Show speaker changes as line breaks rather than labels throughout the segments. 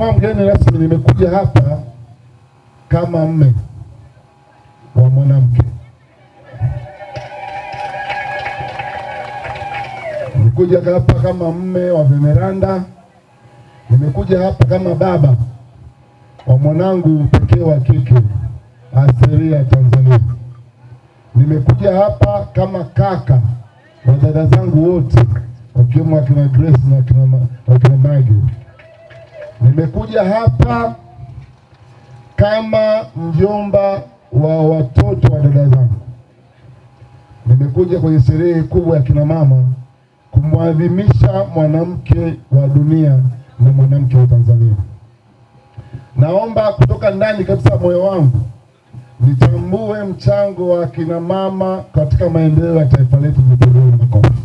Mheshimiwa mgeni rasmi, nimekuja hapa kama mme wa mwanamke, nimekuja hapa kama mme wa Veneranda, nimekuja hapa kama baba wa mwanangu pekee wa kike asilia ya Tanzania, nimekuja hapa kama kaka wa dada zangu wote wakiwemo akina Grace na akina Maggie. Nimekuja hapa kama mjomba wa watoto wa dada zangu. Nimekuja kwenye sherehe kubwa ya kina mama kumwadhimisha mwanamke wa dunia na mwanamke wa Tanzania. Naomba kutoka ndani kabisa moyo wangu nitambue mchango wa kina mama katika maendeleo ya taifa letu. Nipigie makofi.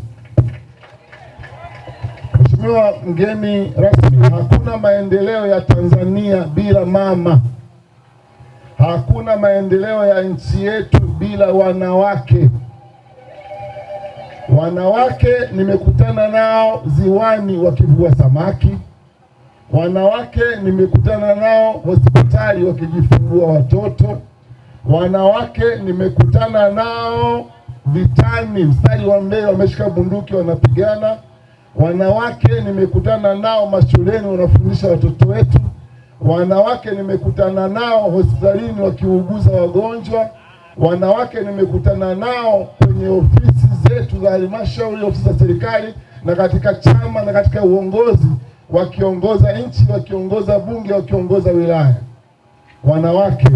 Mheshimiwa mgeni rasmi, hakuna maendeleo ya Tanzania bila mama. Hakuna maendeleo ya nchi yetu bila wanawake. Wanawake nimekutana nao ziwani wakivua samaki, wanawake nimekutana nao hospitali wakijifungua watoto, wanawake nimekutana nao vitani, mstari wa mbele, wameshika bunduki wanapigana Wanawake nimekutana nao mashuleni, wanafundisha watoto wetu. Wanawake nimekutana nao hospitalini, wakiuguza wagonjwa. Wanawake nimekutana nao kwenye ofisi zetu za halmashauri, ofisi za serikali na katika chama na katika uongozi, wakiongoza nchi, wakiongoza bunge, wakiongoza wilaya. Wanawake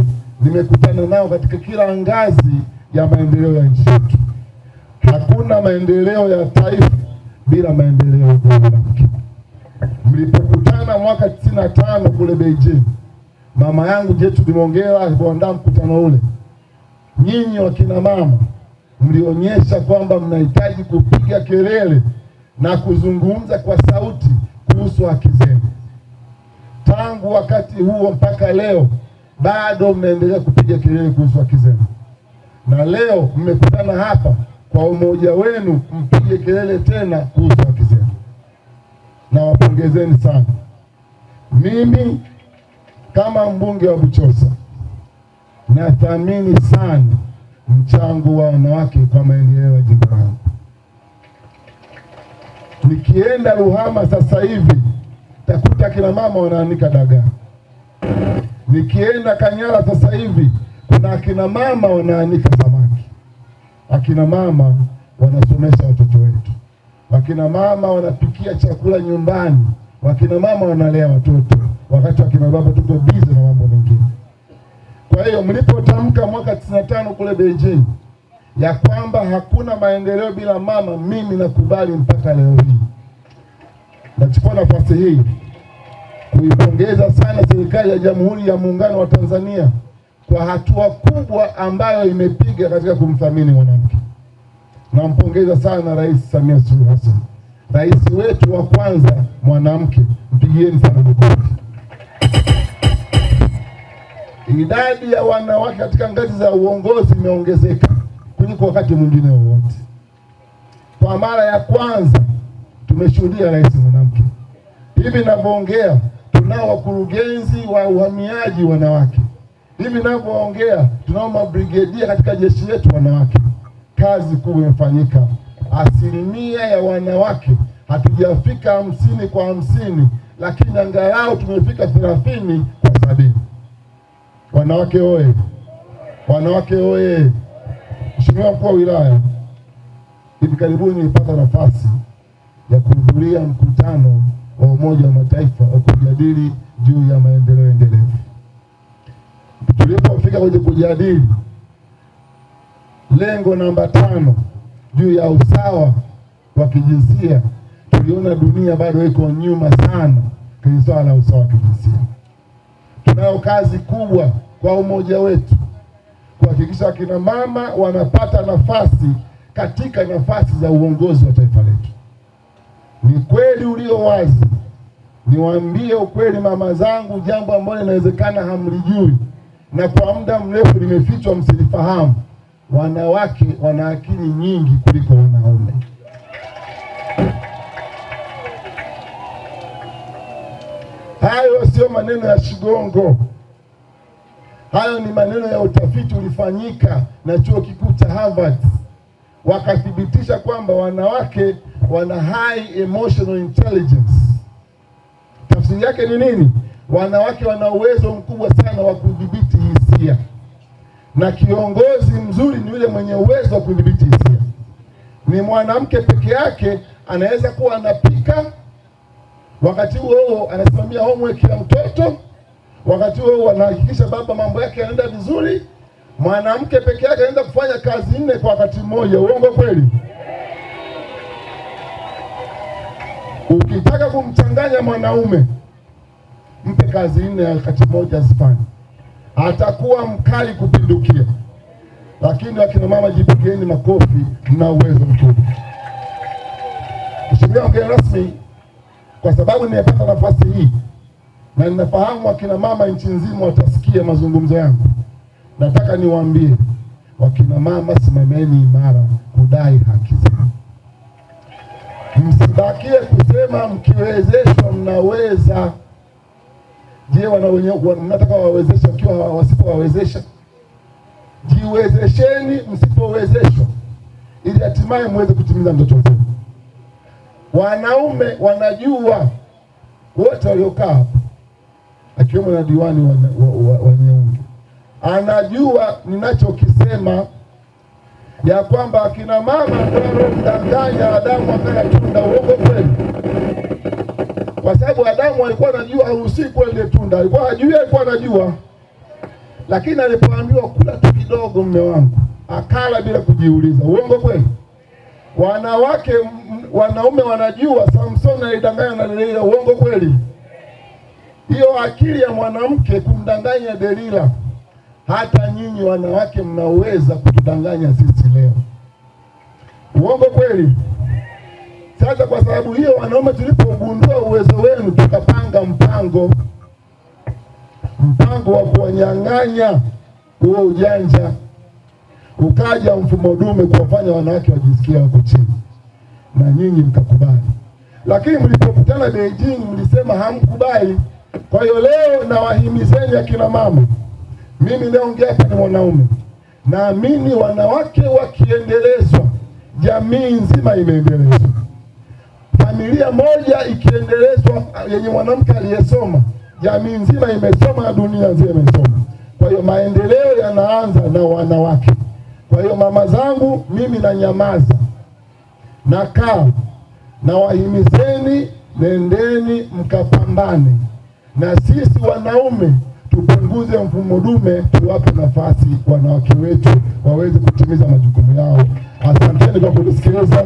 nimekutana nao katika kila ngazi ya maendeleo ya nchi yetu. Hakuna maendeleo ya taifa bila maendeleo geografiki. Mlipokutana mwaka 95 kule Beijing, mama yangu jetu Mongella alipoandaa mkutano ule, nyinyi wakina mama mlionyesha kwamba mnahitaji kupiga kelele na kuzungumza kwa sauti kuhusu haki zenu. Tangu wakati huo mpaka leo bado mmeendelea kupiga kelele kuhusu haki zenu, na leo mmekutana hapa kwa umoja wenu mpige kelele tena kuhusu haki zenu, na wapongezeni sana. Mimi kama mbunge wa Buchosa nathamini sana mchango wa wanawake kwa maendeleo ya jimbo langu. Nikienda Ruhama sasa hivi takuta kina mama wanaanika dagaa. Nikienda Kanyala sasa hivi kuna akina mama wanaanika samaki akina mama wanasomesha watoto wetu, wakina mama wanapikia chakula nyumbani, wakina mama wanalea watoto, wakati wakina baba tuko bize na mambo mengine. Kwa hiyo mlipotamka mwaka 95 kule Beijing ya kwamba hakuna maendeleo bila mama, mimi nakubali mpaka leo hii. Nachukua nafasi hii kuipongeza sana serikali ya Jamhuri ya Muungano wa Tanzania kwa hatua kubwa ambayo imepiga katika kumthamini mwanamke. Nampongeza sana Rais Samia Suluhu Hassan, rais wetu wa kwanza mwanamke. Mpigieni sana makofi. Idadi ya wanawake katika ngazi za uongozi imeongezeka kuliko wakati mwingine wowote. Kwa mara ya kwanza tumeshuhudia rais mwanamke. Hivi ninavyoongea, tunao wakurugenzi wa uhamiaji wanawake Hivi navyoongea tunao mabrigedia katika jeshi yetu wanawake, kazi kubwa imefanyika. Asilimia ya wanawake hatujafika hamsini kwa hamsini, lakini angalau tumefika thelathini kwa sabini. Wanawake oye! Wanawake oye! Mheshimiwa mkuu wa wilaya, hivi karibuni nilipata nafasi ya kuhudhuria mkutano wa Umoja wa Mataifa wa kujadili juu ya maendeleo endelevu tulipofika kwenye kujadili lengo namba tano juu ya usawa wa kijinsia, tuliona dunia bado iko nyuma sana kwenye swala la usawa wa kijinsia. Tunayo kazi kubwa kwa umoja wetu kuhakikisha akina mama wanapata nafasi katika nafasi za uongozi wa taifa letu. Ni kweli ulio wazi, niwaambie ukweli mama zangu, jambo ambalo inawezekana hamlijui na kwa muda mrefu limefichwa, msilifahamu. Wanawake wana akili nyingi kuliko wanaume. Hayo sio maneno ya Shigongo, hayo ni maneno ya utafiti ulifanyika na chuo kikuu cha Harvard, wakathibitisha kwamba wanawake wana high emotional intelligence. Tafsiri yake ni nini? Wanawake wana uwezo mkubwa sana wa kudhibiti hisia, na kiongozi mzuri ni yule mwenye uwezo wa kudhibiti hisia. Ni mwanamke peke yake anaweza kuwa anapika, wakati huo huo anasimamia homework ya mtoto, wakati huo huo anahakikisha baba mambo yake yanaenda vizuri. Mwanamke peke yake anaweza kufanya kazi nne kwa wakati mmoja. Uongo kweli? Ukitaka kumchanganya mwanaume mpe kazi nne wakati mmoja asifanye atakuwa mkali kupindukia, lakini akina mama, jipigeni makofi, mna uwezo mkubwa. Mheshimiwa mgeni rasmi, kwa sababu nimepata nafasi hii na ninafahamu akina mama nchi nzima watasikia mazungumzo yangu, nataka niwaambie wakina mama, simameni imara kudai haki zenu. Msibakie kusema mkiwezeshwa mnaweza Je, wana wenye mnataka wawezesha mkiwa wasipowawezesha? Jiwezesheni msipowezeshwa, ili hatimaye muweze kutimiza mtoto zenu Wanaume wanajua wote waliokaa hapa, akiwemo na diwani wa anajua ninachokisema ya kwamba akina mama mdanganya Adamu akayatunda. Uongo kweli? kwa sababu Adamu alikuwa anajua haruhusi kula ile tunda, alikuwa hajui, alikuwa anajua, lakini alipoambiwa kula tu kidogo, mme wangu akala bila kujiuliza. Uongo kweli? Wanawake, wanaume wanajua. Samsoni alidanganya na Delila. Uongo kweli? Hiyo akili ya mwanamke kumdanganya Delila. Hata nyinyi wanawake mnaweza kutudanganya sisi leo. Uongo kweli? Sasa kwa sababu hiyo, wanaume, tulipogundua uwezo wenu, tukapanga mpango, mpango wa kuwanyang'anya huo ujanja. Ukaja mfumo dume kuwafanya wanawake wajisikia wako chini, na nyinyi mkakubali. Lakini mlipokutana Beijing mlisema hamkubali. Kwa hiyo leo nawahimizeni akina mama, mimi naongea hapa ni mwanaume, naamini wanawake wakiendelezwa, jamii nzima imeendelezwa familia moja ikiendelezwa eh, yenye mwanamke aliyesoma, jamii nzima imesoma na dunia nzima imesoma. Kwa hiyo maendeleo yanaanza na wanawake. Kwa hiyo mama zangu, mimi na nanyamaza, nakaa, nawahimizeni, nendeni mkapambane, na sisi wanaume tupunguze mfumo dume, tuwape nafasi wanawake wetu waweze kutimiza majukumu yao. Asanteni kwa kunisikiliza.